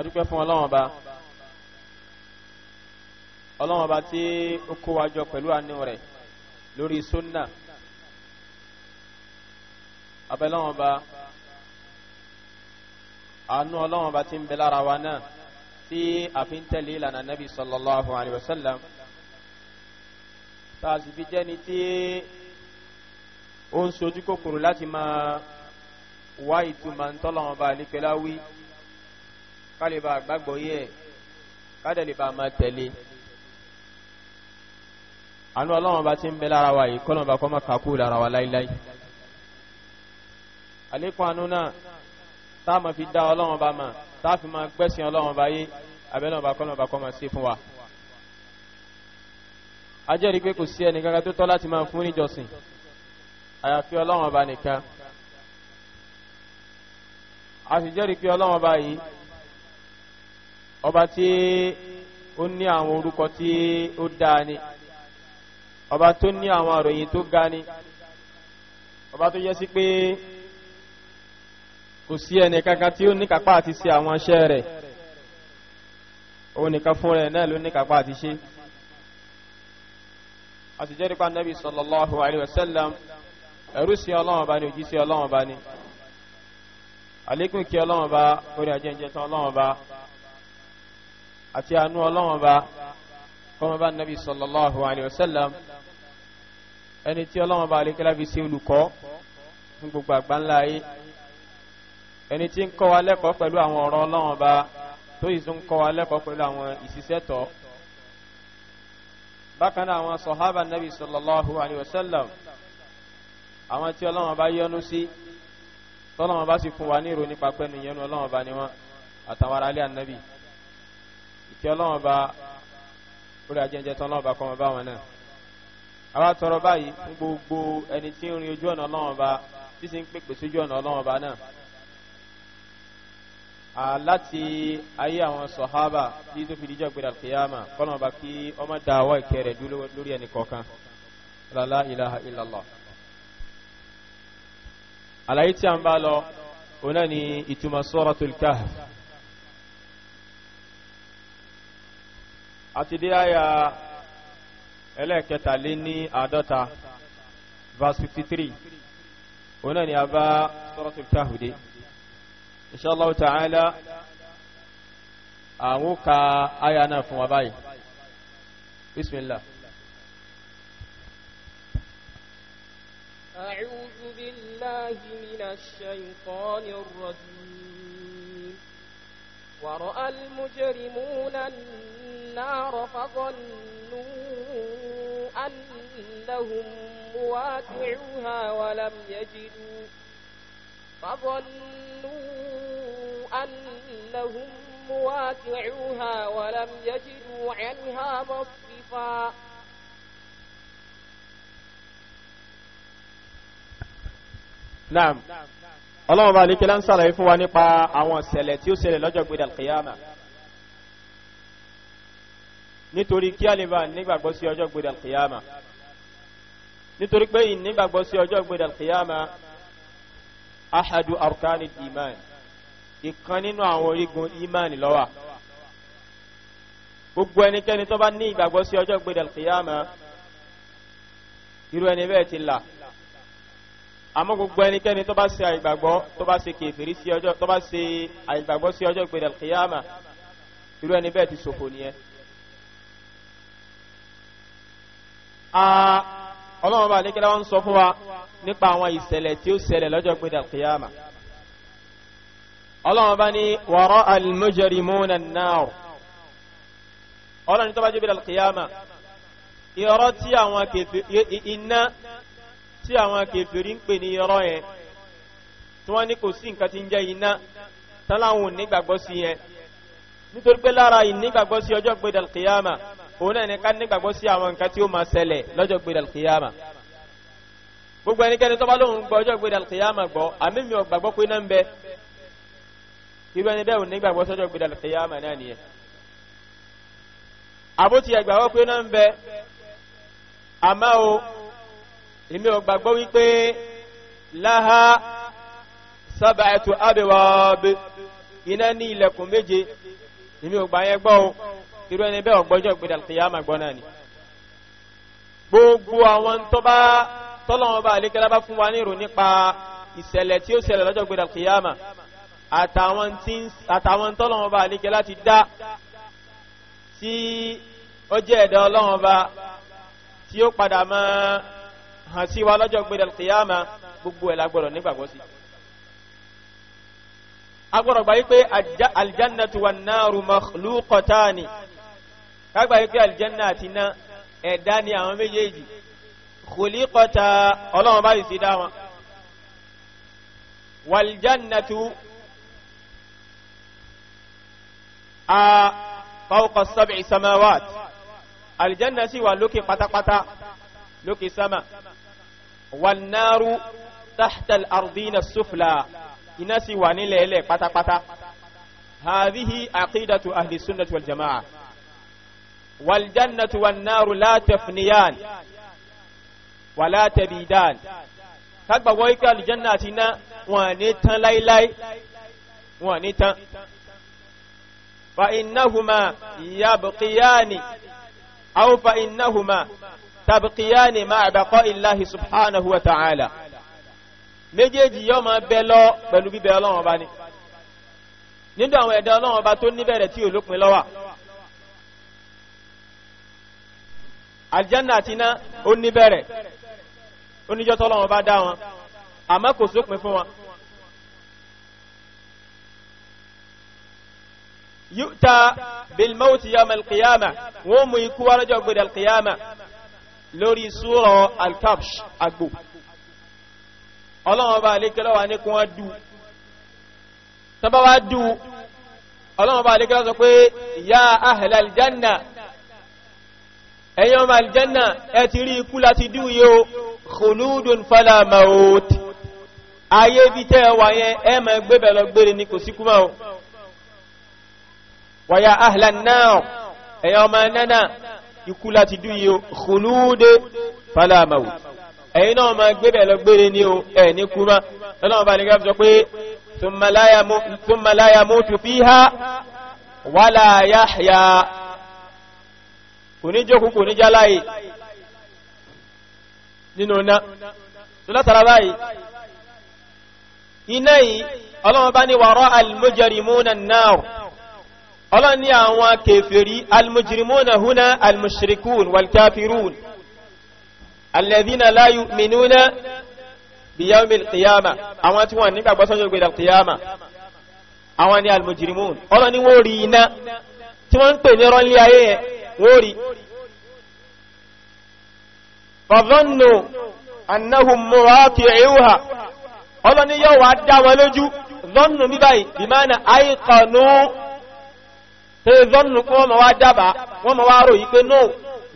adúpẹ́ fún ọlọ́wọ́n ba ọlọ́wọ́n ba tí ó kó wa jọ pẹ̀lú àánú rẹ̀ lórí sunna abẹ́lọ́wọ́n ba àánú ọlọ́wọ́n ba tí ń bẹ lára wa náà tí a fi ń tẹ̀lé ìlànà nabi sallallahu alayhi wa sallam tá a sì fi jẹ́ni tí ó ń sojú kòkòrò láti máa wá ìtumọ̀ ntọ́lọ́wọ́n ba àlífẹ́láwí kálíbà gbàgbọ́ yẹ kádẹ̀líbà máa tẹ̀lé àánú ọlọ́wọ́n bá ti ń bẹ lára wa yìí kọ́lọ́n bá kọ́ máa kàkú lára wa láíláí àlékún àánú náà tá a máa fi dá ọlọ́wọ́n bá mà tá a fi máa gbẹ́sìn ọlọ́wọ́n bá yé abẹ́lẹ́ ọba kọ́lọ́n bá kọ́ máa ṣe fún wa ajẹ́rìí pé kò sí ẹnì kankan tó tọ́ láti máa fún níjọsìn àyàfi ọlọ́wọ́n bá nìkan a sì jẹ́rìí pé ọlọ́wọ́n bá yìí ọba tí ó ní àwọn orúkọ tí ó dáa ni ọba tó ní àwọn àròyìn tó ga ni ọba tó yẹ sí pé kò sí ẹnì kankan tí ó ní kápá àti ṣe àwọn iṣẹ́ rẹ̀ òun nìkan fún rẹ̀ náà ló ní kápá àti ṣe a sì jẹ́rìí pa Nabi sallallahu ẹ̀rú sí Ọlọ́run Ọba ni òjì sí Ọlọ́run Ọba ni àlékún kí Ọlọ́run Ọba orí ajẹ́jẹ́ tán Ọlọ́run Ọba àti àánú ọlọ́wọ́n bá kọ́mọ bá nàbí sallallahu alayhi wa sallam ẹni tí ọlọ́wọ́n bá alékẹ́lá fi sí olùkọ́ fún gbogbo àgbáńlá ayé ẹni tí ń kọ́ wa lẹ́kọ̀ọ́ pẹ̀lú àwọn ọ̀rọ̀ ọlọ́wọ́n bá tó yìí tún kọ́ wa lẹ́kọ̀ọ́ pẹ̀lú àwọn ìṣiṣẹ́tọ̀ bákan náà àwọn sọ̀hábà nàbí sallallahu alayhi wa àwọn tí ọlọ́wọ́n bá yọ́nú ìkẹ́ ọlọ́wọ́n bá orí ajẹ́jẹ́ tán ọlọ́wọ́n bá kọ́ wọn bá wọn náà àwa tọrọ báyìí fún gbogbo ẹni tí ń rin ojú ọ̀nà ọlọ́wọ́n bá tí sì ń pèpè sójú ọ̀nà ọlọ́wọ́n bá náà láti ayé àwọn sọ̀hábà tí tó fi díjọ́ gbéra kìyàmà kọ́nà bá kí ọmọ dáwọ́ ìkẹ́ rẹ̀ dúró lórí ẹni kọ̀ọ̀kan lálá ilaha illallah àlàyé tí a ń bá lọ òun náà ni ìtumọ̀ suratul kahf àti dé àyà ẹlẹ́ẹ̀kẹtàléní àádọ́ta verse fifty three òun náà ni aba bá sọ́rọ́tò káhùdé inshallah ta'ala awuka àyà na fún wa bayi bismillah. أعوذ بالله من الشيطان الرجيم ورأى المجرمون النار النار فظنوا أنهم مواتعوها ولم يجدوا فظنوا أنهم مواتعوها ولم يجدوا عنها مصرفا نعم. نعم،, نعم الله عليك لن صلى الله عليه وسلم سلتي وسلل لجوء بيد القيامة nítorí kí a lè bá nígbàgbọ́ sí ọjọ́ gbèdà kìyàmà nítorí pé ìnígbàgbọ́ sí ọjọ́ gbèdà kìyàmà ahadu arkani iman ìkan nínú àwọn orígun iman lọ́wà gbogbo ẹnikẹ́ni tó bá ní ìgbàgbọ́ sí ọjọ́ gbèdà kìyàmà irú ẹni bẹ́ẹ̀ ti là àmọ́ gbogbo ẹnikẹ́ni tó bá ṣe àìgbàgbọ́ tó bá ṣe kèfèrí sí ọjọ́ tó bá ṣe àìgbàgbọ́ sí ọjọ́ gbèdà kìyàmà irú ẹni bẹ́ẹ̀ ti ṣòfò nìyẹn ọlọ́run bá lékẹ́lá wọn sọ fún wa nípa àwọn ìṣẹ̀lẹ̀ tí ó ṣẹlẹ̀ lọ́jọ́ gbẹ̀dẹ̀ kìyàmà ọlọ́run bá ní wọ̀rọ̀ al-mujrimuna an-nar ọlọ́run tó bá jẹ́ gbẹ̀dẹ̀ kìyàmà tí àwọn kèfèrí iná tí àwọn kèfèrí ń pè ní irọ́ yẹn tí wọ́n ní kò sí nǹkan tí ń jẹ́ iná tán láwọn ò nígbàgbọ́ sí yẹn nítorí pé lára ìnígbàgbọ́ sí ọjọ́ gbẹ̀dẹ̀ kìyàmà òun náà ní ká nígbàgbọ́ sí àwọn nǹkan tí ó máa ṣẹlẹ̀ lọ́jọ́ gbé dàlùkìyàmà gbogbo ẹnikẹ́ni tó bá lóun gbọ́ ọjọ́ gbé dàlùkìyàmà gbọ́ àmì mi ò gbàgbọ́ pé náà ń bẹ irú ẹni bẹ́ẹ̀ ò nígbàgbọ́ sọ́jọ́ gbé dàlùkìyàmà náà nìyẹn àbótí ẹgbàgbọ́ pé náà ń bẹ àmọ́ o èmi ò gbàgbọ́ wípé láha sábàtú àbẹ̀wọ̀ iná ní ilẹ̀kùn méje èmi ò gbà yẹn gbọ́ o irú ẹni bẹ́ẹ̀ ọgbọ́jọ́ ìpínlẹ̀ alkiyama gbọ́nà ni gbogbo àwọn tọ́bá tọ́lọ́wọ́n bá alékẹ́lá bá fún wa ní ìròyìn nípa ìṣẹ̀lẹ̀ tí ó ṣẹlẹ̀ lọ́jọ́ ìpínlẹ̀ alkiyama àtàwọn tọ́lọ́wọ́n bá alékẹ́lá ti dá tí ó jẹ́ ẹ̀dá ọlọ́wọ́n bá tí ó padà máa hàn sí wa lọ́jọ́ ìpínlẹ̀ alkiyama yí pé aljannatu wa náàrù makhluqatani kágbà yìí pé aljanna àti iná ẹ̀dá ni àwọn méjèèjì khuliqata ọlọ́run bá sì dá wọn waljannatu a fawqa sab'i samawat aljanna sì wà lókè pátápátá lókè sama wan naru tahta al-ardina sufla iná sì wà nílẹ̀ pátápátá hadhihi aqidatu ahli sunnati wal jama'a waljannatu wan naru la tafniyan wa la tabidan kagba wo ike aljanna àti iná wọn ní tán láíláí wọn ní tán fa innahuma yabqiyani aw fa innahuma tabqiyani ma'a baqa illahi subhanahu wa ta'ala méjèèjì yó máa bẹ lọ pẹ̀lú bíbẹ Ọlọ́run ọba ni nínú àwọn ẹ̀dá Ọlọ́run ọba tó níbẹ̀rẹ̀ tí olópin ló wà aljanna àti iná ó ní bẹ̀rẹ̀ ó níjọ́ tọ́lọ́wọ́n bá dá wọn àmọ́ kò sópin fún wọn yúta bilmauti yawm alqiyama wọ́n mú ikú wá lọ́jọ́ gbẹ̀dẹ̀ alqiyama lórí súrọ̀ alkabsh agbo ọlọ́wọ́n bá alékẹ́lọ́wà ní kún wọ́n dú tọ́bá wá dú ọlọ́wọ́n bá alékẹ́lọ́ sọ pé ya ahlal janna ẹ̀yàn ọmọ aljanna ẹ ti rí ikú láti díwúyé o khuludun fala maut ayé bí tẹ́ wà yẹn ẹ ma gbébẹ̀ lọ gbére ní kò síkú máa wàyà ahlan náà ẹ̀yàn ọmọ nánà ikú láti díwúyé o khuludun fala maut ẹ̀yìn náà kò ní jókù kò ní jáláyé nínú náà tó látara báyìí iná yìí ọlọ́wọ́ bá ní wàrọ́ almujarimuna náà ọlọ́wọ́ ní àwọn kèfèrí almujarimuna húnna almushrikun walkafirun alladhina la yu'minuna bi yawmil qiyama àwọn tí wọ́n nígbàgbọ́ sọ́jọ́ lórí fàzọ́nù annahum mọ́wàátì ẹ̀yíwà ọlọ́ni yóò wá dá wọn lójú zọ́nù ní báyìí bí máa na àìkànú tẹ zọ́nù kún wọ́n ma wá dábàá wọ́n ma wá rò yí pé no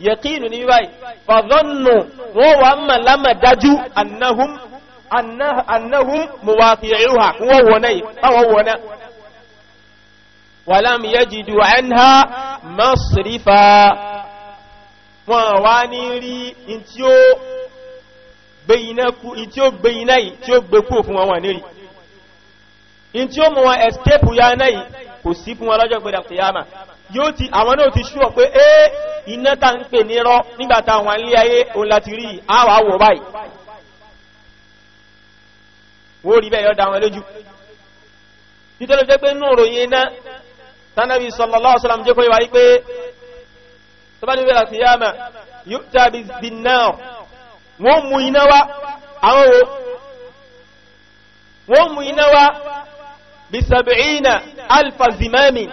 yẹ̀kínù ní báyìí fàzọ́nù wọ́n wà mọ̀ lámà dájú annahum annahum mọ́wàátì ẹ̀yíwà wọ́n wọ́n náà wọ́n wọ́n náà wàlámi yẹ́jì dùwà ẹ̀ masrifa wọn wá ní rí in tí ó gbé iná yìí tí ó gbé fún wọn wà nírí in tí ó mú wọn escape ya náà yìí kò sí fún wọn lọ́jọ́ gbẹ̀rẹ̀ kìyàmà yóò ti àwọn náà ti ṣúwọ̀ pé é iná ta ń pè nírọ́ nígbàtà wọn lé ayé òun láti rí àwà wò báyìí wó rí bẹ́ẹ̀ yọ́ da wọn lójú tánàbí sallallahu alaihi wasallam jẹ́ kó yíwa wípé tó bá ní wẹ́lá sí yáàmà yóò tàbí bí náà wọ́n mú iná wá àwọn wo wọ́n mú iná wá bí sàbìínà alfazimami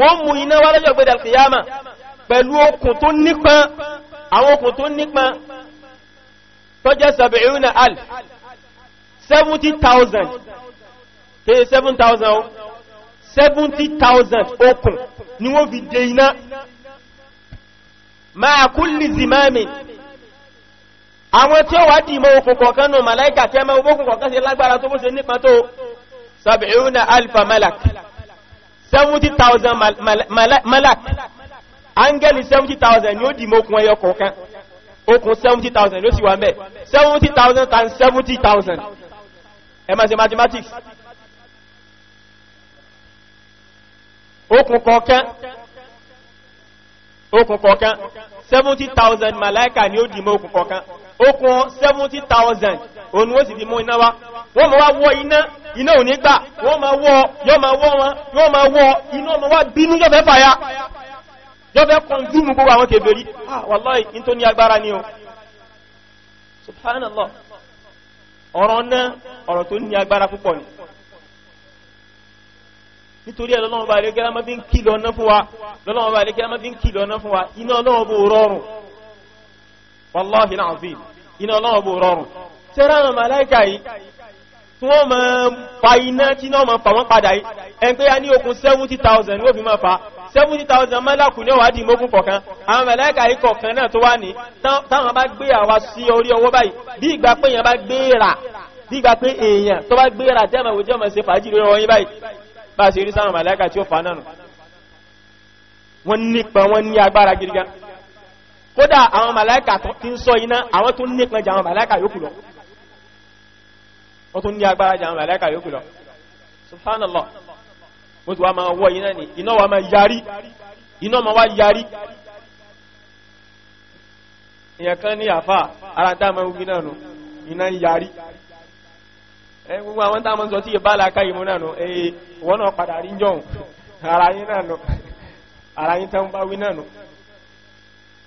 wọ́n mú iná wá lọ́jọ́ gbẹ́dà sí yáàmà pẹ̀lú okùn tó nípọn àwọn okùn tó nípọn tó jẹ́ sàbìínà alf 70,000 kí 7,000 70,000 okùn ni wọ́n fi dé iná máa kulli zimamin àwọn tí ó wá dì mọ́ okùn kọ̀ọ̀kan nù màláìkà tí a máa okùn kọ̀ọ̀kan sí lágbára tó bó nípa tó sab'una alfa malak 70,000 malak angeli 70,000 ni ó dì mọ́ okùn ẹyọ kọ̀ọ̀kan okùn 70,000 ló sì wà mẹ́ 70,000 times 70,000 ẹ máa ṣe mathematics okùn kọ̀ọ̀kan okùn kọ̀ọ̀kan 70,000 malaika ni ó dì mọ́ okùn kọ̀ọ̀kan okùn 70,000 òun ó sì dì mọ́ iná wá wọ́n ma wá wọ iná iná ò ní gbà wọ́n ma wọ yọ́ ma wọ́ wọn yọ́ ma wọ iná ọmọ wá bínú yọ́fẹ́ fàyà yọ́fẹ́ kọ̀njúmù gbogbo àwọn kèbèrí ah, wallahi in tó ní agbára ni subhanallah ọ̀rọ̀ náà ọ̀rọ̀ tó ní agbára púpọ̀ ni nítorí ẹ̀ lọ́lọ́wọ́ bá lẹ́gẹ́lá mọ́ bí ń kí lọ́nà fún wa lọ́lọ́wọ́ bá lẹ́gẹ́lá mọ́ ń kí lọ́nà fún wa iná ọlọ́wọ́ bó rọrùn wallahi alazim iná ọlọ́wọ́ bó rọrùn tẹ́rà àwọn màláìkà yìí tí wọ́n mọ́ fa iná tí náà mọ́ fà wọ́n padà yìí ẹn pé a ní okun 70,000 ló fi mọ́ fa 70,000 mọ́láàkù ní ọwádìí mógún kọ̀kan àwọn màláìkà yìí kọ̀kan náà tó wá ní táwọn bá gbé àwa sí orí ọwọ́ báyìí bí ìgbà pé èèyàn bá gbé bí ìgbà pé èèyàn tó bá gbé rà tẹ́mọ̀ sí fàájì lórí ọwọ́ yín báyìí bá ṣe rí sáwọn màláíkà tí ó fa náà wọ́n nípa wọ́n ní agbára gírígá kódà àwọn màláíkà tí ń sọ iná àwọn tó nípa jà àwọn màláíkà yókù lọ wọ́n tó ní agbára jà àwọn màláíkà yókù lọ subhanallah mo ti wá máa wọ iná ni iná wa máa yarí iná ma wá yarí ìyẹn kan ní àfà ara dá ma ń nù iná yarí gbogbo àwọn tá a mọ́ sọ tí ìbá làákà yìí mú náà nù ee wọ́n náà padà rí jọun ara yín náà nù ara yín tán bá wí náà nù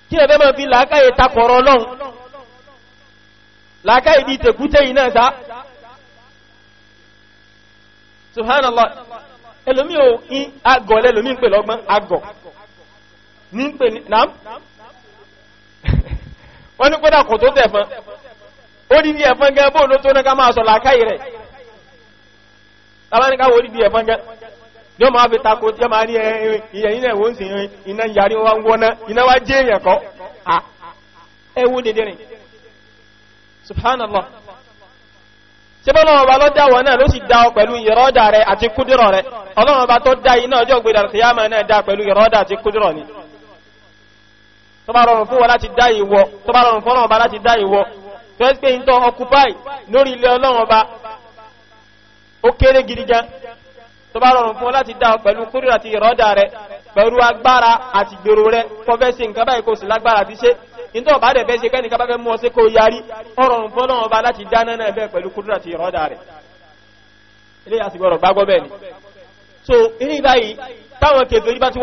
kí ẹ̀fẹ́ máa fi làákà yìí takọ̀rọ̀ ọlọ́run làákà yìí tẹ̀kútẹ́ yìí náà sá subhanallah ẹlòmí ò in agọ̀ lẹ́lòmí ń pè lọ́gbọ́n agọ̀ ní ń pè wọ́n ní pẹ́dà kò tó tẹ̀ odidi ẹ̀fọn gan bóòdó tó náà re. máa sọ odi rẹ̀ tàbáníká wo odidi ẹ̀fọn gan ní ọmọ àfi tako tí a máa ní ìyẹn iná ẹ̀wọ̀n sì rin iná yarí wọn wọná iná wá jẹ́ èèyàn kọ́ ẹwú dédé rìn subhanallah ṣe bọ́ lọ́wọ́ bá lọ́ dá wọn náà ló sì dá ọ pẹ̀lú ìrọ́dà rẹ̀ àti kúdìrọ̀ rẹ̀ ọlọ́wọ́ bá tó dá iná ọjọ́ gbèdà kìyàmà náà dá pẹ̀lú ìrọ́dà àti kúdìrọ̀ ni tó bá rọrùn fún wọn láti dá ìwọ tó bá rọrùn fún wọn láti dá tó ẹ́ pé ìntọ́ ọkùpáì lórí ilẹ̀ ọlọ́run ọba ó kéré gidigan tó bá rọrùn fún ọ láti dá pẹ̀lú kúrò àti ìrọ́dà rẹ pẹ̀lú agbára àti gbèrò rẹ kò fẹ́ ṣe nǹkan báyìí kò sì lágbára ti ṣe ìntọ́ bá dẹ̀ fẹ́ ṣe kẹ́nìkan bá fẹ́ so ilé báyìí táwọn kèfèrí bá ti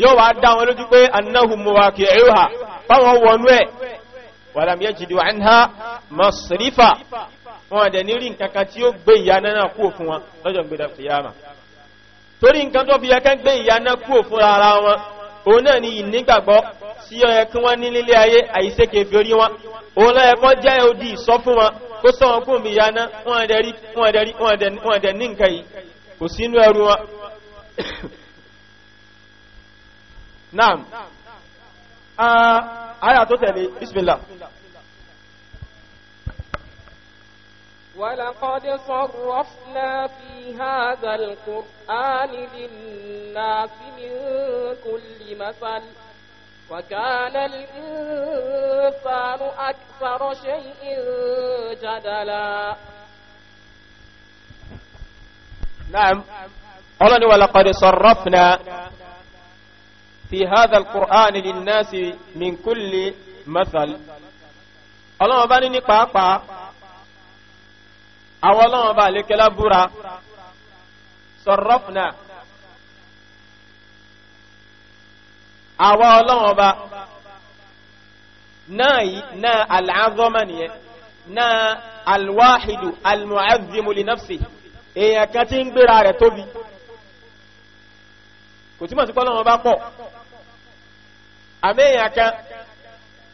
yóò wá dá wọn lójú pé annahum muwaqi'uha fáwọn wọnú ẹ̀ walam yajidu anha masrifa wọn dẹ̀ ní rí nkankan tí ó gbé ìyáná náà kúrò fún wọn lọ́jọ́ gbé dàfíyàmà torí nkan tó fi yẹkẹ́ gbé ìyáná kúrò fún ara wọn òun náà ni ìnígbàgbọ́ sí ọyẹ kí wọ́n ní nílé ayé orí wọn lọ́yẹ kọ́ jẹ́ fún wọn kó sọ wọn wọn dẹ̀ ní yìí kò sínú ẹrú wọn نعم آية تتلي بسم الله ولقد صرفنا في هذا القرآن للناس من كل مثل وكان الإنسان أكثر شيء جدلا نعم قال ولقد صرفنا fi hadha al-Qur'an lin-nasi min kulli mathal ọlọ́wọ́n bá ní ní pàápàá àwọn ọlọ́wọ́n bá lè kẹlá búra sarrafna àwọn ọlọ́wọ́n bá náà náà al-azama nìyẹn náà al-wahidu al èèyàn kan tí ń gbéra rẹ̀ tóbi kò tí mọ̀ sí pọ́lọ́wọ́n bá pọ̀ àmẹ́yìn kan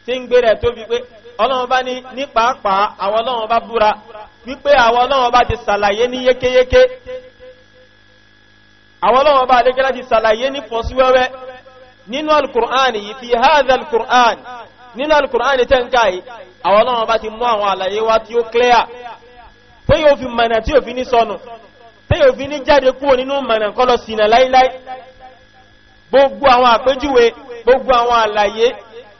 tí ń gbé rẹ̀ tó fi pé ọlọ́run bá ní ní pàápàá àwọn ọlọ́run bá búra wípé àwọn ọlọ́run bá ti sàlàyé ní yékéyéké àwọn ọlọ́run bá adékẹ́lá ti sàlàyé ní fọ́síwẹ́wẹ́ nínú alukur'an yìí fi haza alukur'an nínú alukur'an tẹ́ ń káyì àwọn ọlọ́run bá ti mú àwọn àlàyé wá tí ó clear tí yóò fi mọ̀nà tí yóò fi ní sọnù tí yóò fi ní jáde kúrò nínú mọ̀nà kọ́lọ̀ sínà láíláí gbogbo àwọn àpéjúwe gbogbo àwọn àlàyé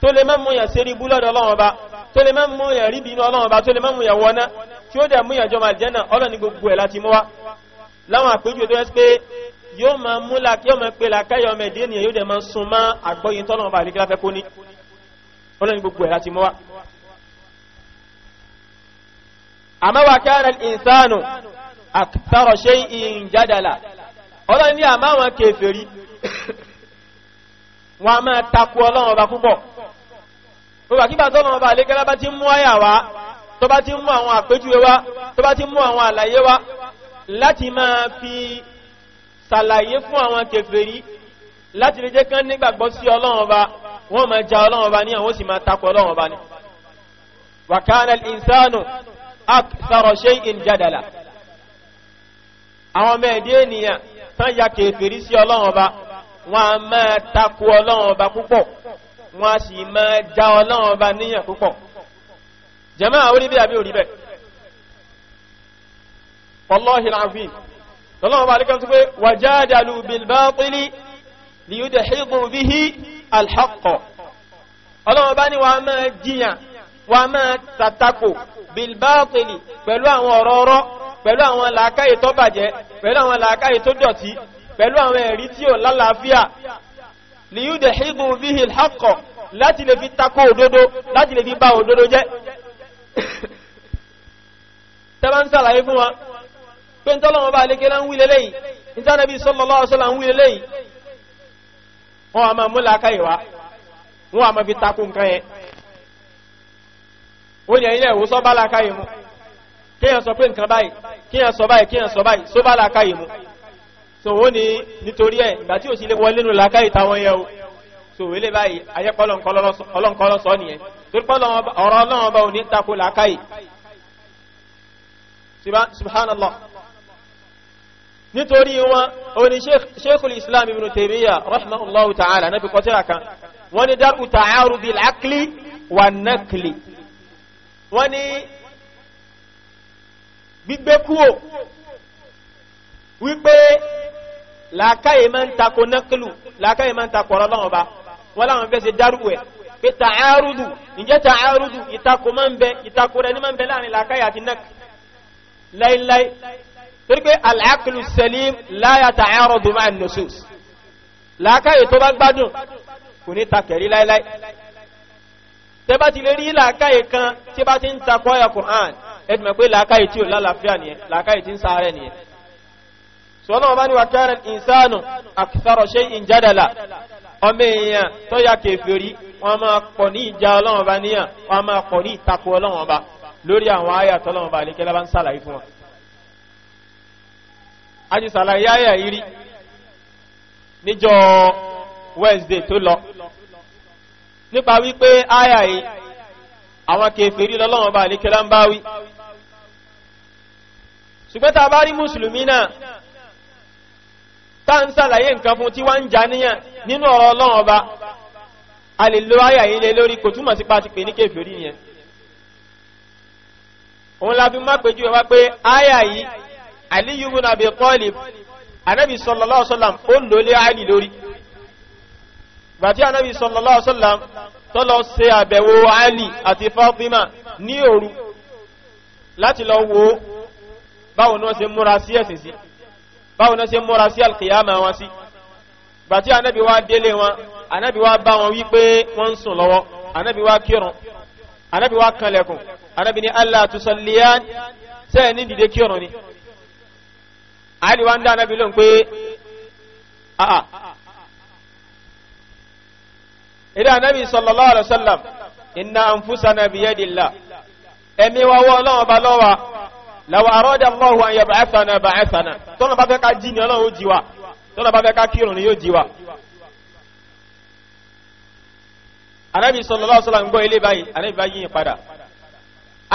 tó lè mẹ́mú yàn sí ríbú lọ́dọ̀ Ọlọ́run Ọba tó lè mẹ́mú yàn rí bínú Ọlọ́run Ọba tó lè mẹ́mú wọná tí ó dẹ̀ mú yàn jọmọ àlìjẹ́nà gbogbo ẹ̀ láti mú láwọn àpéjúwe tó yẹ pé yóò máa la yóò máa pe la káyọ̀ ọmọ ẹ̀dẹ́ ènìyàn yóò dẹ̀ máa sun mọ́ àgbọ́yé tọ́lọ́run Ọba àlìkílá fẹ́ kó ní Ọlọ́run ní kèfèrí wọn a máa takú ọlọ́run ọba púpọ̀ gbogbo àkíbà tọ́lọ́run ọba àlékẹ́lá bá ti mú àyà wá tó bá ti mú àwọn àpéjúwe wá tó bá ti mú àwọn àlàyé wá láti máa fi sàlàyé fún àwọn kèfèrí láti lè jẹ́ kán nígbàgbọ́ sí ọlọ́run ọba wọ́n máa wọ́n a máa takò ọlọ́run ọba púpọ̀ wọ́n a sì máa já ọlọ́run ọba níyàn púpọ̀ jẹ́mọ́ àwọn oníbí àbí òrí bẹ̀ ọlọ́hìn àfihàn lọ́lọ́run ọba alẹ́kọ́ tó pé wajadalu bil batili liyudhiqu bihi al-haqq ọlọ́run ọba ni wọ́n a máa jiyàn wọ́n a máa tàtakò bil pẹ̀lú àwọn ọ̀rọ̀ pẹ̀lú àwọn làákàyè tó bàjẹ́ pẹ̀lú àwọn làákàyè tó dọ̀tí pẹ̀lú àwọn ẹ̀rí tí ó lálàáfíà liyúdẹ̀ hígù bíhì lákọ̀ láti lè fi takò òdodo láti lè fi bá òdodo jẹ́ tẹ́bá ń sàlàyé fún wa pé ń tọ́lọ́wọ́ bá lékẹ́lá ń wílé lẹ́yìn ìtànàbí sallallahu alaihi wasallam ń wílé lẹ́yìn wọ́n a máa múlá káyìwá wọ́n a máa fi takò nǹkan yẹn ó ní kíyàn sọ pé nǹkan báyìí kíyàn sọ báyìí kíyàn sọ báyìí sọ́bálá káyìmú so wọ́n ni nítorí ẹ̀ ìgbà tí ò sí lè wọlé nù lákàrí táwọn yẹ o so wílé báyìí ayẹ́pọ̀ ọlọ́nkọ́lọ́ sọ nìyẹn torí pọ́ ọ̀rọ̀ ọlọ́wọ́n bá òní tako lákàrí subhanallah nítorí wọn òní sheikhul islam ibn taymiya rahmanullahu ta'ala na fi kọtíra kan wọ́n ni dar uta'aru bil akli wa nakli wọ́n ni gbígbé kúò wípé làákàyè máa ń takò nákìlù làákàyè máa ń takò ọ̀rọ̀ lọ́wọ́ bá wọ́n láwọn fẹ́ ṣe dárú ẹ̀ pé tààrùdù ìjẹ́ tààrùdù ìtakò máa ń bẹ ìtakò rẹ̀ ní máa ń bẹ láàrin làákàyè àti náà láíláí torí pé al-aqlu salim la yata'aradu ma'a an-nusus làákàyè tó bá gbádùn kò ní takẹ̀rí láíláí tẹ́ bá ti lè rí làákàyè kan tí bá ti ń takò ọ̀yà Qur'an ẹ̀dùnmọ̀ pé làákàyè tí ò lálàáfíà nìyẹn làákàyè tí ń sáré nìyẹn sọ́nà ọba ni wà kana al-insanu akthara shay'in jadala ọmọ èèyàn tó yà kèfèrí wọ́n máa pọ̀ ní ìjà Ọlọ́run Ọba níyàn wọ́n máa pọ̀ ní ìtakò Ọlọ́run Ọba lórí àwọn àyà tọ́lọ́run Ọba àlékẹ́lá ń sàlàyé fún wọn a ti sàlàyé àyà yìí rí níjọ́ Wednesday tó lọ nípa wípé àyà yìí àwọn kèfèrí lọ́lọ́run Ọba àlékẹ́lá ń bá wí ṣùgbọ́n tá a bá rí mùsùlùmí náà tá ń sàlàyé nǹkan fún tí wọ́n ń jà níyàn nínú ọ̀rọ̀ ọlọ́run ọba a lè lo ayà yìí lé lórí kò túmọ̀ sí pa ti pè ní kèfèrí yẹn òun la fi má péjú ẹ wá pé ayà yìí Aliyu ibn Abi Talib anabi sallallahu alaihi wasallam lò lé Ali lórí gbàtí anabi sallallahu alaihi wasallam tó lọ ṣe àbẹ̀wò Ali àti Fatima ní òru láti lọ wo báwo ni wọ́n ṣe múra sí ẹ̀sìn sí. Si báwo náà ṣe múra sí alkiyama wọn sí bàtí anábi wá délé wọn anábi wá bá wọn wípé wọ́n ń sùn lọ́wọ́ anábi wá kírun anábi wá kanlẹ̀kùn anábi ní allah tusalliyan sẹ́ẹ̀ ní dìde kírun ni àìlè wá ń dá anábi lóhùn pé àà ilé anábi sallallahu alaihi wasallam inna anfusana biyadillah ẹ̀mí wa wọ́ ọlọ́run lọ́wọ́ lọ́wọ́ àrọ́dà mọ́wọ́ àwọn yẹ̀bà ẹ̀sànà ẹ̀bà ẹ̀sànà tọ́nà bá fẹ́ ká jí ni ọlọ́run ó jí wa tọ́nà bá fẹ́ ká kírun ni yóò jí wa. anábì sallallahu alaihi wasallam gbọ́ ilé báyìí anábì bá yíyìn padà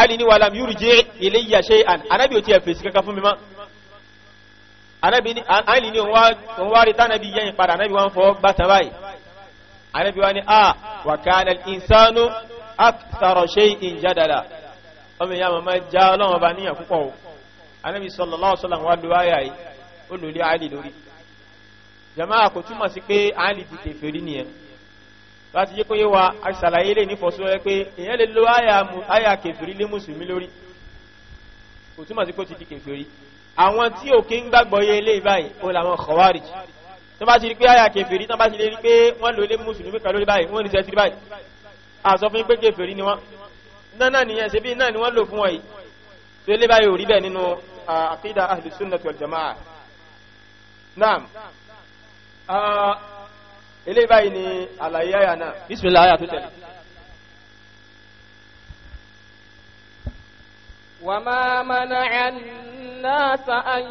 alì ní wàlám yurji ilayya shay'an anábì ò tiẹ̀ fèsì kankan fún mi mọ́ alì ní òun wá rí tánàbì ni a wa kana al-insanu akthara shay'in jadala ọmọ ìyá màmá já ọlọ́run ọba níyàn púpọ̀ o anábì sallallahu alaihi wasallam wá lo àyà yìí ó lò lé àìlì lórí jàmáà kò túmọ̀ sí pé àìlì ti kèfèrí nìyẹn láti jẹ́ kóyé wa àṣàlàyé lè ní fọ́sọ́ ẹ pé èyàn lè lo àyà kèfèrí lé mùsùlùmí lórí kò túmọ̀ sí kó ti di kèfèrí àwọn tí òkè ń gbàgbọ́ yé ilé ìbáyìí ó làwọn khawarij tó bá ti rí pé àyà kèfèrí tó bá ti rí pé wọ́n lò lé mùsùlùmí kan lórí báyìí wọ́n nana nìyẹn ṣe bí náà ni wọ́n lò fún wọ́n yìí tó lé báyìí ò rí bẹ́ẹ̀ nínú àkídà ahlu sunnah wal jama'a naam ilé báyìí ni àlàyé ya na bismillah àyà tó tẹ̀lé وما منع الناس أن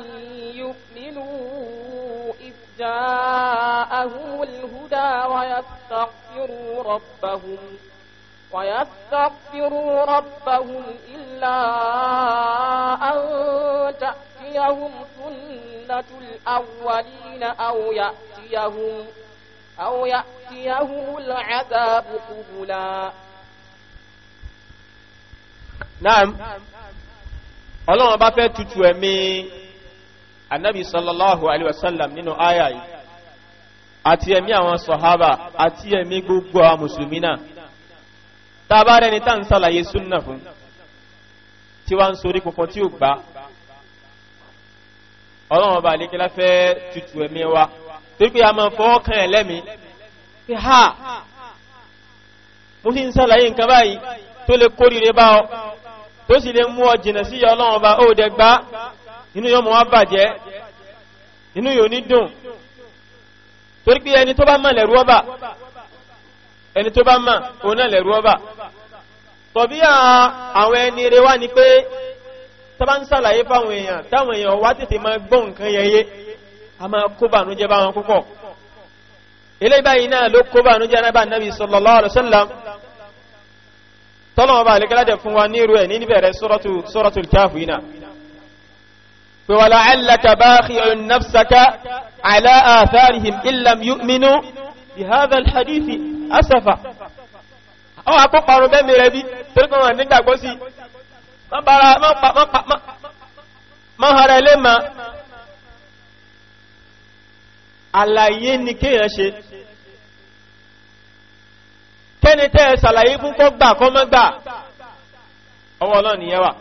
يؤمنوا إذ جاءهم الهدى ويستغفروا ربهم ويستغفروا ربهم إلا أن تأتيهم سنة الأولين أو يأتيهم أو يأتيهم العذاب قبلا نعم ọlọ́run bá fẹ́ tutù ẹ̀mí annabi sallallahu alaihi wasallam nínú àyà yìí àti ẹ̀mí àwọn sọ̀hábà àti ẹ̀mí gbogbo àwọn mùsùlùmí náà tàbá rẹni tá ń sàlàyé súnnà fún tí wá ń sorí pọ̀pọ̀ tí ó gbá ọlọ́run ọba àlékẹ́lá fẹ́ tutù ẹ̀mí wa tó pé a máa fọwọ́ kan ẹ̀ lẹ́mí pé ha mo sì ń sàlàyé nǹkan báyìí tó lè kórìíre bá ọ tó sì lè mú ọ jìnà sí ọlọ́run ọba ó dẹ gbá inú yóò mọ̀ wá bàjẹ́ inú yóò ní dùn torí pé ẹni tó bá mọ̀ lẹ̀rú ọba ẹni tó bá mọ̀ òun náà lẹ̀rú ọba tọ̀bí àwọn ẹni rẹ̀ wá ní pé tọ́bá ń sàlàyé fáwọn èèyàn táwọn èèyàn wá tètè máa gbọ́ nǹkan yẹyẹ a máa kó bànújẹ́ bá wọn púpọ̀ ilé báyìí náà ló kó bànújẹ́ náà bá ọ wà púpọ̀ ọrùn bẹ́ẹ̀ rẹ̀ bí torípọ̀ wọn nígbàgbọ́ sí mọ́hàrẹ̀ lè ma àlàyé ní kéèyàn ṣe kẹ́ni tẹ́ ṣàlàyé fún kọ́ gbà kọ́ mọ́ gbà ọwọ́ ọlọ́run nìyẹn wà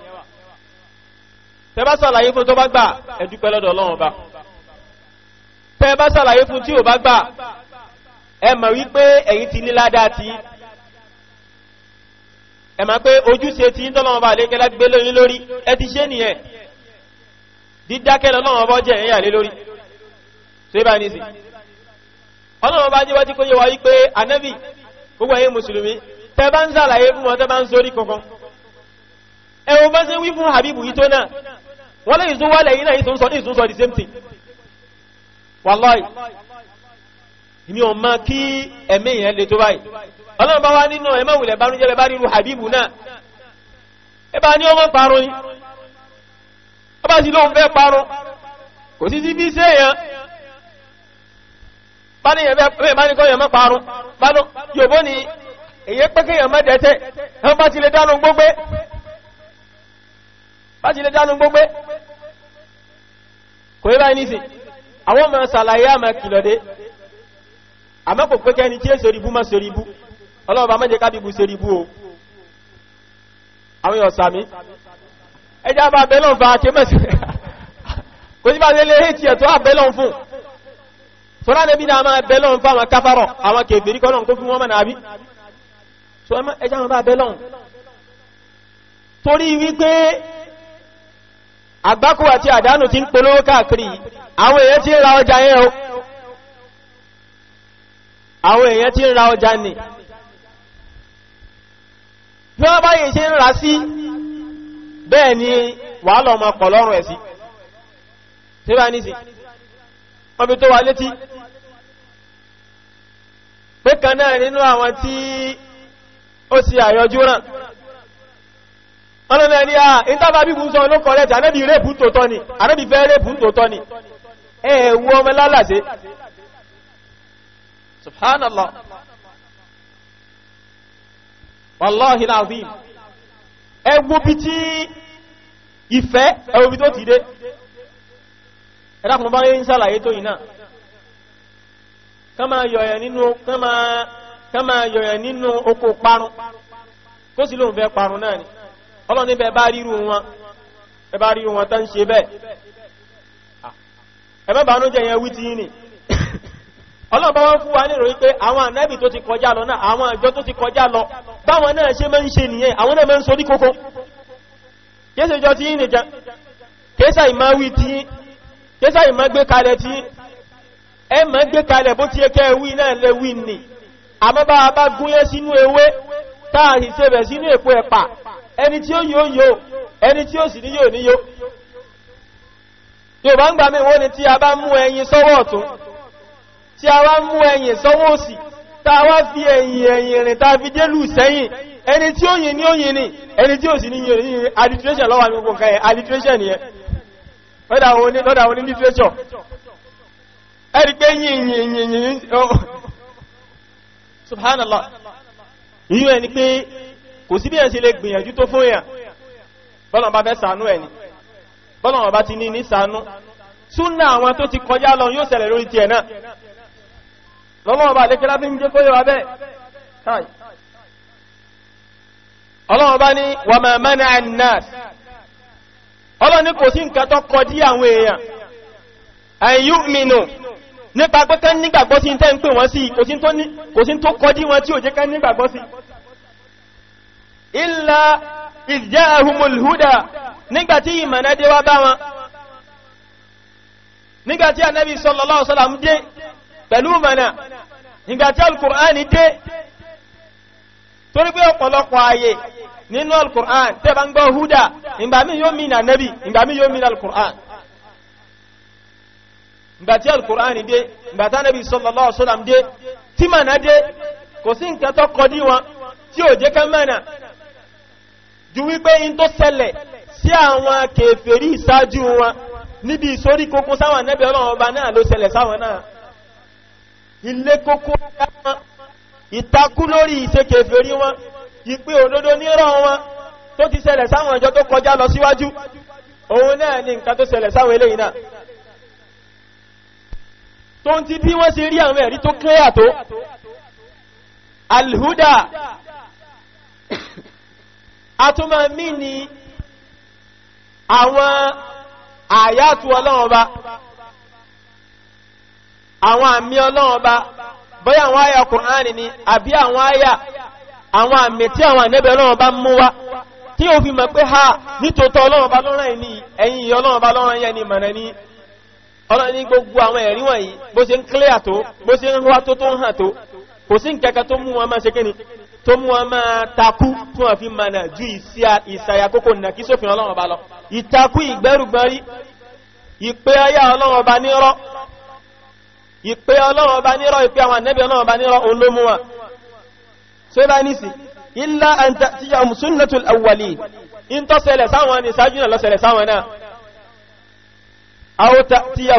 tẹ́ bá ṣàlàyé fún tó bá gbà ẹ dúpẹ́ lọ́dọ̀ ọlọ́run ọba tẹ́ bá fún tí ò bá gbà ẹ mọ̀ wípé ẹ̀yin ti ní ládàá ti ẹ máa pé ojúṣe tí ń tọ́lọ́wọ́ bá lè kẹ́lá gbé lóyún lórí ẹ ti ṣe nìyẹn dídákẹ́ lọ́wọ́ bọ́ jẹ́ ẹ̀yà lé lórí ṣé bá ní sí ọlọ́wọ́ bá jẹ́ wájú kó yẹ wá wí pé anẹ́bì gbogbo ẹ̀yin mùsùlùmí tẹ́ bá ń sàlàyé fún wọn tẹ́ bá ń sórí kankan ẹ o bá ṣe wí fún Habibu yìí tó náà wọ́n lè ìsún wálẹ̀ yìí náà ìsún sọ ní ìsún sọ the same thing le tó ọlọ́run bá wá nínú ẹmọ́ wùlẹ̀ bánújẹ́ lẹ bá ríru habibu náà ẹbá ní ọmọ parun ni ọ bá sí lóun fẹ́ parun kò sí sí bí sí èèyàn bá ní ẹ̀kọ́ èèyàn mọ́ parun bánú yòbó ni èyẹ pẹ́kẹ́ èèyàn mọ́ dẹ́tẹ̀ ẹ̀họ́n bá ti lè dánú gbógbé bá ti lè dánú gbógbé kò yẹ báyìí nísìn àwọn ọmọ ṣàlàyé àmà kìlọ̀dé àmọ́ kò pẹ́kẹ́ ẹni tí é sorí bú mọ́ sorí bú ọlọ́ọ̀bá mẹ́jẹ kábíbù ṣe rí bú o àwọn èèyàn sàmí ẹjá bá bẹ́lọ̀ fa kémẹ́sì kò sí bá lé lé hìtì ẹ̀ tó à bẹ́lọ̀ fún sọ́lá nẹ́bí náà máa bẹ́lọ̀ fún àwọn káfàrọ̀ àwọn kèfèrí kọ́nà kó fún wọn mọ̀ nàbí so ẹjá wọn bá bẹ́lọ̀ torí àwọn èèyàn ti ń ra ọjà yẹn bí wọ́n bá yẹ ṣe ń ra sí bẹ́ẹ̀ ni wàhálà ọmọ pọ̀ lọ́rùn ẹ̀ sí tí bá ní sí wọ́n fi tó wa létí pé kan náà nínú àwọn tí ó sì àyọjú ràn ọlọ́nà ẹni àà ìtàbà bíbù sọ ló kọ̀ rẹ́pù tó ni ànábì fẹ́ rẹ́pù tó ni ẹ̀ẹ̀wọ́ ọmọ subhanallah wàláhì láàrín ẹgbó bí tí ìfẹ́ ẹwòbí tó ti dé ẹ̀dàkùnbá ní sàlàyé tó yìí náà kán máa nínú oko parun kó sí lóun fẹ́ parun náà ni ọlọ́ níbẹ̀ bá ríru wọn ẹbá ríru wọn tán ṣe bẹ́ẹ̀ jẹ́ yẹn ti ọlọ́ọ̀bá wọ́n fún wa ní ìròyìn pé àwọn ànábì tó ti kọjá lọ náà àwọn ìjọ tó ti kọjá lọ báwọn náà ṣe máa ń ṣe nìyẹn àwọn náà máa ń sorí kókó kéèsè ìjọ tí nìjà kéèsà ìmáwí tí kéèsà ìmágbé kalẹ̀ tí ẹ máa gbé kalẹ̀ bó ti ẹkẹ́ wí náà lè wí nì àmọ́ bá bá gúnyẹ́ sínú ewé táà sì ṣe bẹ̀ tí a wá mú ẹ̀yìn sọ́wọ́ òsì tá wá fi ẹ̀yìn ẹ̀yìn rìn tá fi délù sẹ́yìn ẹni tí ó yìn ní ó yìn ní ẹni tí ó sì ní yìn ní alliteration ní gbogbo ẹ oh. kò sí bí ẹ̀ sí lè gbìyànjú tó fún bá fẹ́ sànú bá kọjá lọ yóò lórí náà lọ́lọ́wọ́ bá lékẹ́lá fi ń jẹ́ kóyọ̀ abẹ́ káì ọlọ́wọ́ bá ní wà máa mẹ́nà annas ọlọ́ ní kò sí nǹkan tó kọjí àwọn èèyàn àìyú mìnú nípa pé kẹ́ nígbàgbọ́ sí tẹ́ ń pè wọ́n sí kò sí tó kọjí wọn tí ò jẹ́ kẹ́ nígbàgbọ́ sí illa ìjẹ́ ahumul nígbàtí ìmọ̀nẹ́dé bá wọn nígbàtí ànábì sallallahu pẹ̀lú mana nígbàtí alkùránì dé torí pé ọ̀pọ̀lọpọ̀ ayé nínú alkùránì tẹ́bà ń gbọ́ húdà ìgbàmí yóò mìnà nẹ́bì ìgbàmí yóò mìnà alkùránì ìgbàtí alkùránì dé ìgbàtí nẹ́bì sallallahu alaihi wasallam dé tí mana dé kò sí nǹkan tó kọ díwọn tí ò jẹ́ ká mana ju wípé in tó ṣẹlẹ̀ sí àwọn kèfèrí ìsáájú wọn níbi ìsorí sáwọn nẹ́bì ọlọ́run ọba náà ló ṣẹlẹ̀ sáwọn náà ilé kókó wọn ìtakú lórí ìṣekèfèrí wọn ìpé òdodo nírọ́ wọn tó ti ṣẹlẹ̀ sáwọn ìjọ tó kọjá lọ síwájú òun náà ni nǹkan tó ṣẹlẹ̀ sáwọn eléyìí náà tó ń ti bí wọ́n ṣe rí àwọn ẹ̀rí tó kílẹ̀ tó alhuda atúmọ̀ mí ni àwọn àyàtú ọlọ́run ọba àwọn àmì ọlọ́run ọba bóyá àwọn àyà kùránì ni àbí àwọn àyà àwọn àmì tí àwọn ànẹ́bẹ̀ ọlọ́run ọba mú wá tí ó fi mọ̀ ha nítòótọ́ ọlọ́run ọba lọ́rọ̀ ẹni ẹ̀yìn ọlọ́run ọba ya ni ni ní gbogbo àwọn tó ju ìsàyàkókò sófin lọ ìtakú ìgbẹ́rùgbọ́n rí ìpé ìpé ọlọ́run ọba nírọ́ ìpé àwọn ànẹ́bí ọlọ́run ọba nírọ́ olómú wọn ṣe bá ní sí ilá àǹtà tí yà sunnatul awwali in tó ṣẹlẹ̀ sáwọn ní sáájú náà ló ṣẹlẹ̀ sáwọn náà àwọ́ta tí yà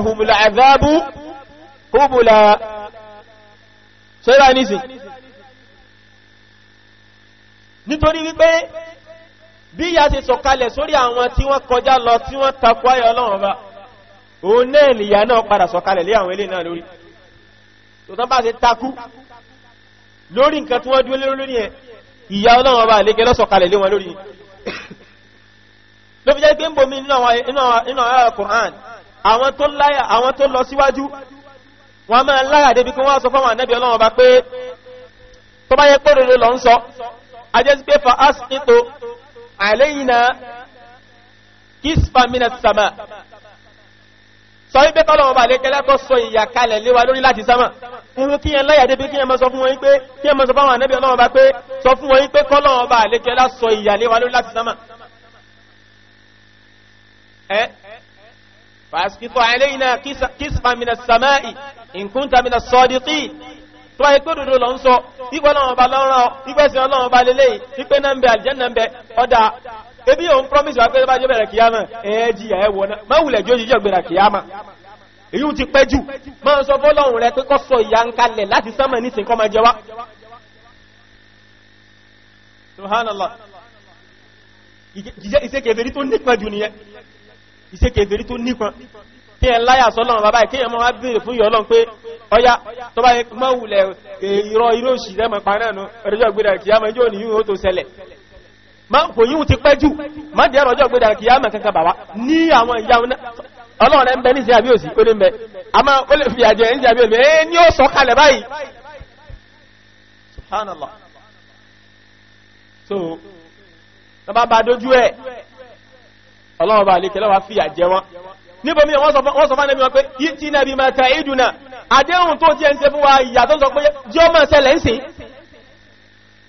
òun náà nìyà náà padà sọ̀kalẹ̀ lé àwọn ilé náà lórí tó tán bá ṣe takú lórí nǹkan tí wọ́n dúró lórí ẹ̀ ìyà ọlọ́wọ́n bá lékẹ́ lọ́sọ̀kalẹ̀ lé wọn lórí ló fi jẹ́ pé ń bomi nínú ọ̀rọ̀ Qur'an àwọn tó láyà àwọn tó lọ síwájú wọ́n máa láyà débi sọ wípé kọ́lọ̀wọ́ bà lẹ́kẹ́lẹ́ kọ́ sọ ìyà kalẹ̀ léwa lórí láti sámà ẹ̀rọ kí yẹn láyà débi kí yẹn mọ́ sọ fún wọn pé kí yẹn mọ́ sọ fáwọn ànẹ́bí ọlọ́wọ́ bá pé sọ fún wọn pé kọ́lọ̀wọ́ bà lẹ́kẹ́lẹ́ sọ ìyà léwa lórí láti sámà ẹ́ fàásìkítọ̀ àìlẹ́yìnà kìsìpà mìnà sàmáì ìkúnta mìnà sọ́dìkì tó wáyé pé ebi òun promise wà pé bá jẹ́ bẹ̀rẹ̀ kìyàmà ẹ̀ẹ́jì e ẹ̀wọ̀ e náà má wùlẹ̀ jẹ́ òjìjẹ́ gbẹ̀rẹ̀ kìyàmà èyí ti pẹ́ jù máa sọ fọ́lọ́run rẹ pé kọ́ sọ ìyà ń kalẹ̀ láti sánmà nísìn kọ́ máa jẹ wá subhanallah ìṣẹ́kẹ̀ẹ́fẹ́rí tó nípa jù nìyẹn ìṣẹ́kẹ̀ẹ́fẹ́rí tó nípa kí ẹ láyà sọ́lọ́run bàbá ìkéyàn mọ́ wá bèèrè fún ìyọ́lọ́n pé ọya tó bá yẹ mọ́ wùlẹ̀ ìrọ̀ irú òṣìṣẹ́ mọ̀ pa náà ẹ̀rẹ́jọ́ gbéra kìyàmọ́ ìjọ́ òní yóò tó ṣẹlẹ̀ ma kò yíò ti pẹ́ jù má jẹ́ rọjọ́ gbé dàrẹ̀ kìyàmẹ̀ kankan bàwá ní àwọn ìyá ọlọ́run ẹ̀mbẹ́ ní sí àbí òsì ó mẹ́ a máa ó lè fi àjẹ́ ní sí àbí ní ó sọ kalẹ̀ báyìí subhanallah so tó bá bá dójú ẹ̀ ọlọ́run bá lè kẹ́lẹ́ wá fi àjẹ́ wọn níbòmí wọ́n sọ fánẹ́bí wa ìyà tó sọ pé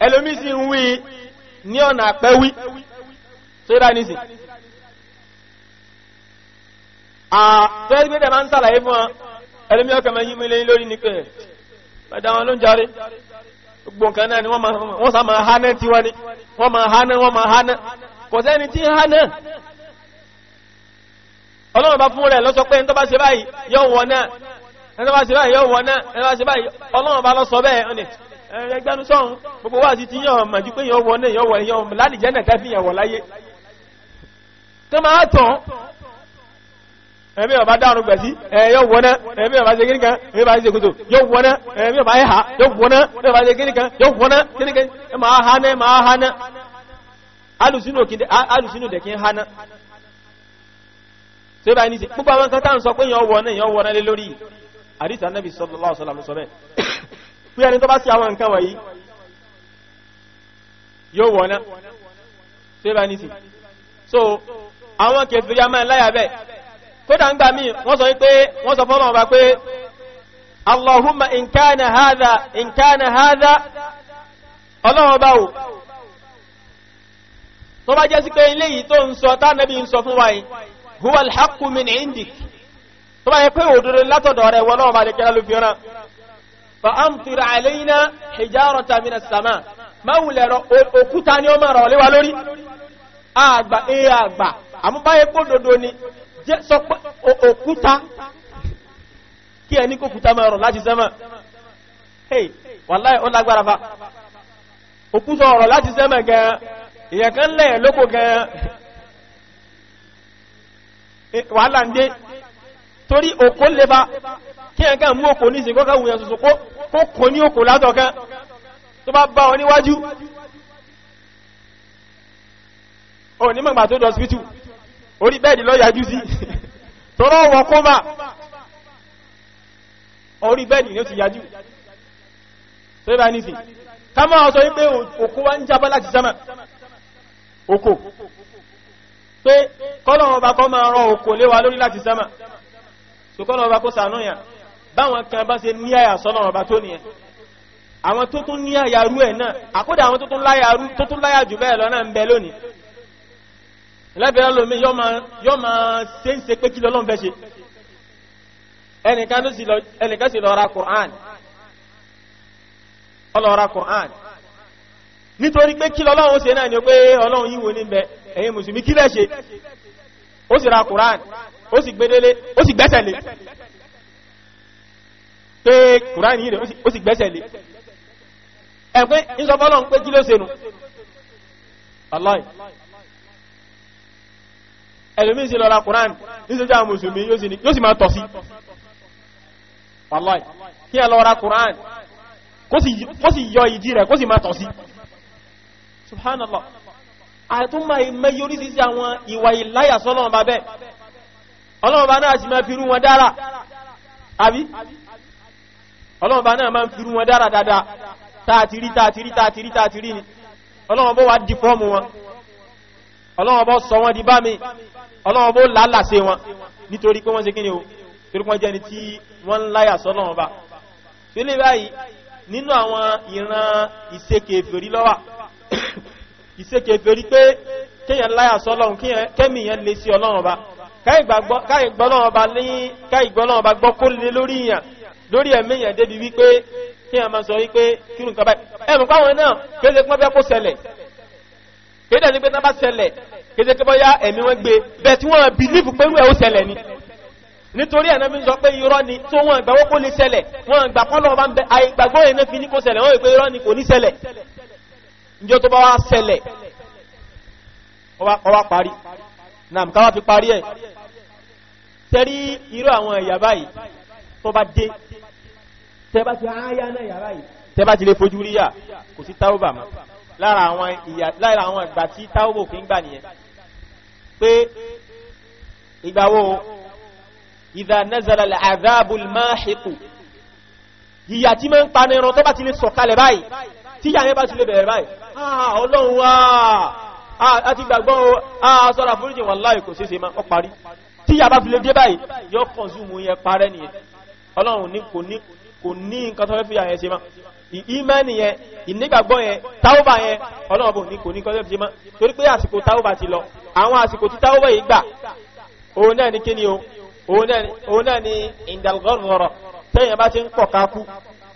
ẹlòmí sí ń wí ní ọ̀nà àpẹ́wí tó dá nísìn àtọ́ẹ́gbẹ́dẹ̀ máa ń sàlàyé fún wọn ẹlòmí ọkọ̀ mẹ́ yí mílé lórí ní pé ẹ̀dá wọn ló ń járe gbogbo nǹkan náà ni wọ́n sá máa hánẹ́ tí wọ́n ní wọ́n máa hánẹ́ wọ́n máa hánẹ́ kò sẹ́ni tí hánẹ́ ọlọ́run bá fún rẹ̀ lọ́sọ pé ẹni tó bá ṣe báyìí yóò wọ̀ náà ẹni tó bá ṣe báyìí yóò wọ̀ náà ẹni tó bá ṣe báyìí ọlọ́run bá lọ sọ bẹ́ẹ̀ ẹgbẹ́nu sọ́hun gbogbo wà sí ti yàn mọ̀ jú pé yàn wọ náà yàn wọ èèyàn lálìjẹ́ nàkà fi yàn wọ láyé tó máa tàn ẹ̀mí ọba dáhùn gbẹ̀ sí ẹ̀yọ́ wọná ẹ̀mí ọba ṣe kíníkan ẹ̀mí ọba ṣe kòtò yóò wọná ẹ̀mí ọba ẹ̀hà yóò wọná ẹ̀mí ọba ṣe kíníkan yóò wọná kíníkan ẹ̀ máa haná ẹ̀ máa haná alùsínú dẹ̀ kí ń haná tí ó bá ní sí púpọ̀ àwọn kan táà ń sọ pé yàn wọná yàn wọná lé lórí àdìsá Nábì sallallahu alaihi wasallam pé ẹni tó bá sí àwọn nǹkan wọ̀nyí yóò wọ̀ná tó yẹ bá ní sí so àwọn kèfèrí a máa láyà bẹ́ẹ̀ kódà ń gbà mí wọ́n sọ pé wọ́n sọ fọ́nà ọba pé Allahumma in hadha in hadha ọlọ́wọ́ báwò tó bá jẹ́ sí pé ilé yìí tó ń sọ tánàbí ń sọ fún wáyé huwa alhaqqu min indik tó bá yẹ pé òdodo látọ̀dọ̀ rẹ̀ wọ́n lọ́wọ́ bá lè kẹ́lá lóbi ọ̀nà فأمطر علينا حجارة من السماء مولى òkúta ni ó máa rọ̀ lé wa lórí àgbà eh àgbà àmọ́ bá yẹ kó ni o sọ Ki òkúta kí ẹni kó kúta máa rọ̀ láti hey wàláhì ó lágbára fa òkúta ọ̀rọ̀ láti sẹ́mà gan èyàn kan kí ẹ̀kẹ́ mú òkò ní ìsìnkú kẹwù yẹn tuntun kó kò ní òkò látọ̀kẹ́ tó bá bá ọ níwájú o ní mọ̀gbà tó dọ̀síwítù orí bẹ́ẹ̀dì lọ yájú sí tọ́rọ wọn kó bá orí bẹ́ẹ̀dì ní ó ti yájú tó bá ní sí ká máa sọ wípé òkú wá ń jábá láti sámà òkò pé kọ́lọ̀ ọba kọ́ máa rán òkò léwa lórí láti sámà báwọn kan bá ṣe ní àyà sọ́nà ọba tó nìyẹn àwọn tó tún ní àyà rú ẹ̀ náà àkódà àwọn tó tún láyà rú tó tún láyà jù bẹ́ẹ̀ lọ náà ń bẹ lónìí lẹ́bẹ̀ẹ́ lómi yọ́ máa ṣe ń ṣe pé kí lọ́lọ́n fẹ́ ṣe ẹnìkan sì lọ Qur'an ọlọ́ra Qur'an nítorí pé kí lọ́lọ́run ṣe náà ni pé ọlọ́run ní bẹ ẹ̀yin pé kùránì yìí rẹ̀ ó sì gbẹ́sẹ̀ lé ẹ̀pẹ́ ìsọfọ́lọ́ ń pé kí ló ṣe nù aláì ẹlòmíì sí lọ́la kùránì nítorí àwọn mùsùlùmí yóò sì máa tọ̀ sí aláì kí ẹ lọ́ra kùránì kó sì yọ ìdí rẹ̀ kó sì máa tọ̀ subhanallah àtúnmà ìmẹ́yorí sí àwọn ìwà ọlọ́run bá náà máa ń firú wọn dára dáadáa táàtìrí táàtìrí táàtìrí táàtìrí ni ọlọ́run bó wá di fọ́ọ̀mù wọn ọlọ́run bó sọ wọn di bá mi ọlọ́run bó lálàsẹ wọn nítorí pé wọ́n ṣe kíni o torí wọ́n jẹ́ ni tí wọ́n ń láyà sọ́lọ́run bá sílé báyìí nínú àwọn ìran ìsekèfèrí lọ́wà ìsekèfèrí pé kíyàn láyà sọ́lọ́run kẹ́mìyàn lè sí ọlọ́run bá káìgbọ́lọ́run bá gbọ́ kó lè lórí ìyàn lórí ẹ̀mí yẹn débi wípé kí a máa sọ wípé kírù nǹkan báyìí ẹ̀mù pàwọn náà kéde pọ́n fẹ́ kó ṣẹlẹ̀ kéde ní pé tán bá ṣẹlẹ̀ kéde pé bọ́yá ẹ̀mí wọn gbé bẹ́ẹ̀ tí wọ́n bìlífù pẹ̀lú ẹ̀ ó ṣẹlẹ̀ ni nítorí ẹ̀nà mi sọ pé irọ́ ni tó wọn gbà wọ́n kó lè ṣẹlẹ̀ wọn gbà kọ́lọ́ bá ń bẹ àìgbàgbọ́ yẹn fi ní kó ṣẹlẹ̀ wọ́n pé irọ́ ni kò ní ṣẹlẹ̀ njẹ́ tó bá wá ṣẹlẹ̀ ọwá parí nam káwá fi parí ẹ̀ tẹ́rí irú àwọn ẹ̀yà báyìí tó bá dé tẹ́bá ti ááyá náà yàrá yìí tẹ́bá ti lè fojú ríyà kò sí táwọ́bà mọ́ lára àwọn ìyà lára àwọn ìgbà tí táwọ́bà kí ń gbà nìyẹn pé ìgbàwó idha nazala al-'adhabu al-mahiq ìyà tí máa ń pa ní ẹran tó bá ti lè sọ̀kalẹ̀ báyìí tí ìyà yẹn bá ti lè bẹ̀rẹ̀ báyìí ah ọlọ́run wá ah, a ti gbàgbọ́ ah sọ́ra fúrújì wallahi kò sí máa parí tí ìyà bá fi lè dé báyìí yóò kò ní nǹkan tó fẹ́ fi àyẹ̀ ṣe mọ́ ìmánì yẹn ìnígbàgbọ́ yẹn táwọ́bà yẹn ọlọ́ọ̀bù ní kò ní nǹkan tó fẹ́ fi ṣe mọ́ torí pé àsìkò táwọ́bà ti lọ àwọn àsìkò tí táwọ́bà yìí gbà òun náà o òun náà ni ìdàlgọ́rùn-ún tẹ́yìn bá ti ń pọ̀ kákú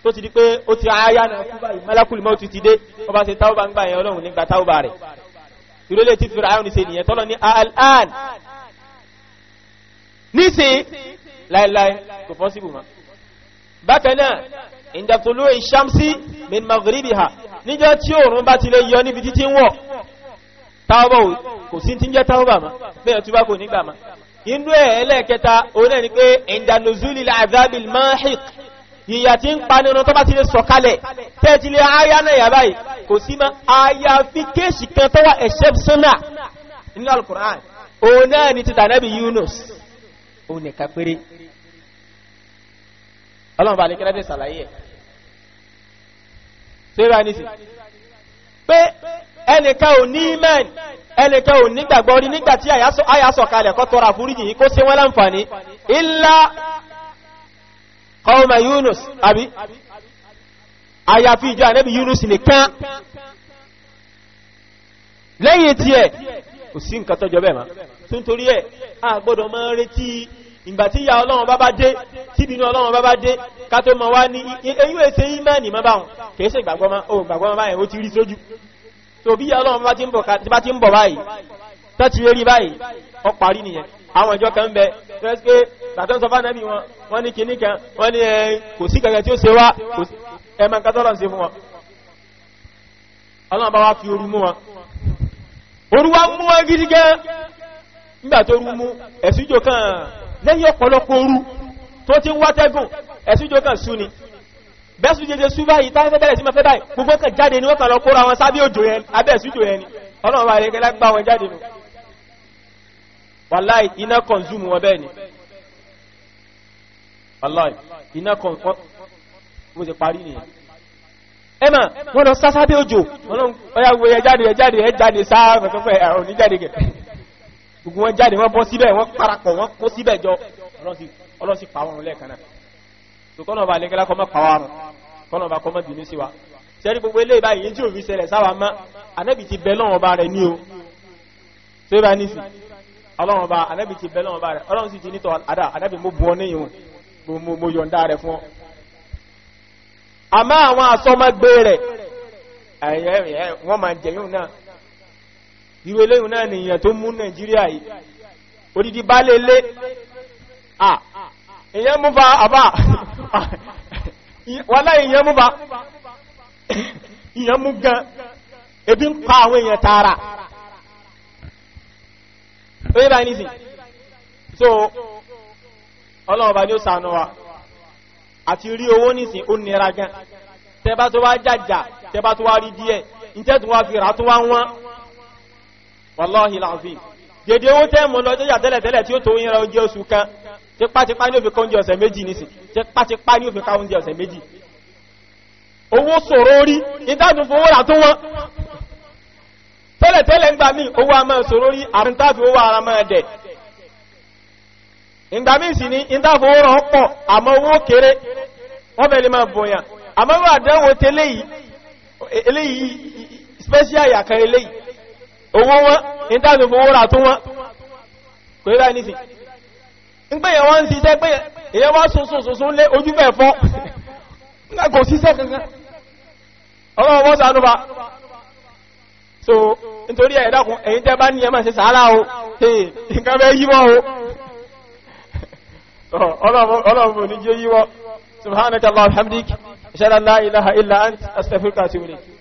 tó ti di pé ó ti ayá náà kú báyìí mẹ́lákùlù mọ́ ti ti dé ó bá ṣe táwọ́bà ń gbà yẹn ọlọ́run nígbà táwọ́bà rẹ̀ ní ṣe nìyẹn al-an nísìn láíláí kò fọ́síbù mọ́ bákanáà ìdàtòlú ìṣàmsí min maghribiha níjọ́ tí òòrùn bá ti lè yọ níbi títí ń wọ̀ kò sí tí ń jẹ́ táwọ́bà ma bẹ́ẹ̀ túbá kò nígbà ma inú ẹ̀ ẹlẹ́ẹ̀kẹta òun ẹni pé ìdànùzúlì àzábìl mahiq ìyà tí ń pa nínú tó bá ti lè sọ̀kalẹ̀ tẹ́ ti lè áyá náà yà báyìí kò sí ma àyà fi kéèsì kan tó wà exceptional nínú al-Qur'an òun náà ni ti tànẹ́bì Yunus òun nìkan péré ọlọ́run bá lékẹ́lẹ́ dé sàlàyé ẹ̀ tó yíra ní sí pé ẹnìkan ò ní imẹ́n ẹnìkan ò nígbàgbọ́ rí nígbàtí àyàsọ̀ kalẹ̀ kọ́ tọrọ àforíjì yìí kó ṣe wọ́n láǹfààní illa qawma Yunus àbí àyàfi ìjọ ànẹ́bí Yunus nìkan lẹ́yìn tí ẹ̀ kò sí nǹkan tọ́jọ bẹ́ẹ̀ ma tó ń ẹ̀ a máa retí ìgbà tí ìyà ọlọ́run bá bá dé tí ìbínú ọlọ́run bá bá dé ká tó mọ̀ wá ní eyín èsè ìmẹ́ni mọ́ báhùn kìí ṣe ìgbàgbọ́mọ́ báyìí ó ti rí sójú tó bí ìyà ọlọ́run bá ti ń bọ̀ báyìí tẹ́tì rí báyìí ó parí nìyẹn àwọn ìjọ kan bẹ rẹ́síké tàtọ́sọ bá nẹ́bí wọn wọ́n ní kìíní kan wá fi orú mú wọn orú mú wọn gidi gan nígbà mú ẹ̀sùjò kan lẹ́yìn ọ̀pọ̀lọpọ̀ òru tó ti ń wátẹ́gùn ẹ̀sùjọ kan sú ni bẹ́sù jẹjẹ sú báyìí táwọn fẹ́bẹ̀rẹ̀ sí mẹ́fẹ́ báyìí gbogbo kan jáde ní wọ́n kan lọ kóra wọn sábẹ́ òjò yẹn abẹ́ ẹ̀sùjọ yẹn ni ọlọ́run wa rẹ̀ kẹ́lá gbá wọn jáde nù wàláì iná kọ̀nzúmù wọn bẹ́ẹ̀ ni wàláì iná kọ̀nzúmù mo ti parí nìyẹn ẹmà wọ́n lọ sásábẹ́ òjò ọlọ́run ọyá gbogbo ẹ jáde ẹ jáde ẹ jáde sáà gbogbo wọn jáde wọn bọ́ síbẹ̀ wọn parapọ̀ wọn kó síbẹ̀ jọ ọlọ́sì pàwọ́rùn lẹ́ẹ̀kan náà tó kọ́nà ọba alẹ́kẹ́lá kọ́ mọ́ pàwọ́rùn kọ́nà ọba kọ́ mọ́ bínú sí wa sẹ́rí gbogbo ilé ìbáyìí yìí tí ò fi ṣẹlẹ̀ sáwà mọ́ anẹ́bì ti bẹ́ lọ́wọ́ ọba rẹ̀ ní o tó bá ní sí ọlọ́wọ́ ọba anẹ́bì ti bẹ́ lọ́wọ́ ọba rẹ̀ ọlọ́run sì ti mo mo mo yọ̀ǹda rẹ̀ fún ọ. àmọ́ àwọn asọ́mọgbé rẹ̀ wọ́n máa jẹ̀yún náà irú eléyìn náà nìyàn tó mú nàìjíríà yìí odidi bá lè lé à èyàn mú bá àbá wọ́n láì èyàn mú bá èyàn mú gan ebi ń pa àwọn èyàn tààrà ó yẹ́ ní sí so ọlọ́ọ̀bá ni ó sànú wa àti rí owó nìsìn ó nira gan tẹba tó wá jàjà tẹba tó wá rí díẹ̀ ìjẹ́ tó wá fi tó wá wọ́n wàláhì láàfin dèdè owó tẹ́ mọ̀ lọ jẹ́jà tẹ́lẹ̀tẹ́lẹ̀ tí ó tó oúnjẹ oṣù kan tipátipá ní òfin kọ́njẹ ọ̀sẹ̀ méjì nìsìn tipátipá ní òfin káwọn ọ̀sẹ̀ méjì owó sòrò ìdájú fún owó rà tó wọ́n tẹ́lẹ̀tẹ́lẹ̀ ń gbà mí owó a máa sòrò rí àrùntàfi owó ara máa dẹ̀ ìgbà ní ìdájú owó pọ̀ àmọ́ kéré wọ́n owó wọn ìtàbí fowó rà tó wọn kò ibá nìsìn ń pè yẹ wọ́n ń ṣiṣẹ́ pé èyẹ wá sọ́sọ́sọ́sọ́ lé ojú bẹ̀ fọ́ nígbà kò ṣiṣẹ́ kankan ọlọ́wọ́ wọ́n sànú bá so nítorí ẹ̀ dákun ẹ̀yin tẹ́ bá ní ẹmà ṣe sàárà o nǹkan bẹ́ yíwọ́ o ọlọ́wọ́ ní jẹ́ yíwọ́ subhanaka allahumma hamdik ashhadu an la ilaha illa ant astaghfiruka wa atubu